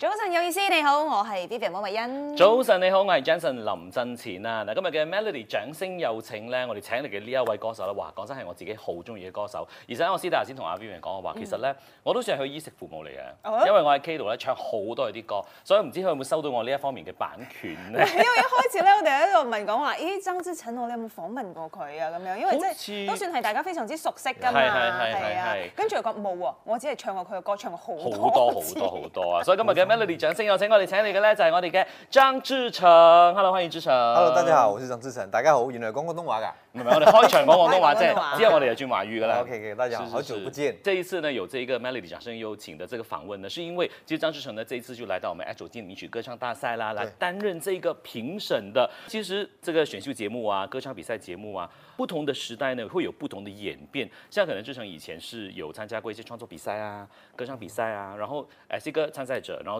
早晨有意思，你好，我係 Vivian 汪慧欣。早晨你好，我係 Jensen 林振前啊。嗱今日嘅 Melody 掌聲有請咧，我哋請嚟嘅呢一位歌手咧，話講真係我自己好中意嘅歌手。而且我私底下先同阿 Vivian 講嘅話，其實咧，我都算係佢衣食父母嚟嘅，嗯、因為我喺 K 度咧唱好多佢啲歌，所以唔知佢有冇收到我呢一方面嘅版權咧？因為一開始咧，我哋喺度問講話，咦，張智成，我你有冇訪問過佢啊？咁樣，因為即、就、係、是、像都算係大家非常之熟悉噶嘛。係係係係。跟住佢講冇啊，我只係唱過佢嘅歌，唱過好好多好多好多啊！所以今日嘅。melody 掌聲有請， 我哋請嚟嘅呢，就係我哋嘅張智成。h e l l o 歡迎智成。h e l l o 大家好，我是張智成。大家好，原來講廣東話㗎，唔係，我哋開場講廣東話啫，之後我哋有轉華語㗎啦，OK k、okay, 大家好久不見，這一次呢有這一個 melody 掌聲有請的這個訪問呢，是因為其實、就是、張智成呢，這一次就來到我們《亞洲金曲歌唱大賽》啦，來擔任這個評審的。其實這個選秀節目啊，歌唱比賽節目啊，不同的時代呢，會有不同的演變。現在可能智成以前是有參加過一些創作比賽啊、歌唱比賽啊，然後誒呢、hmm. 個參賽者，然後。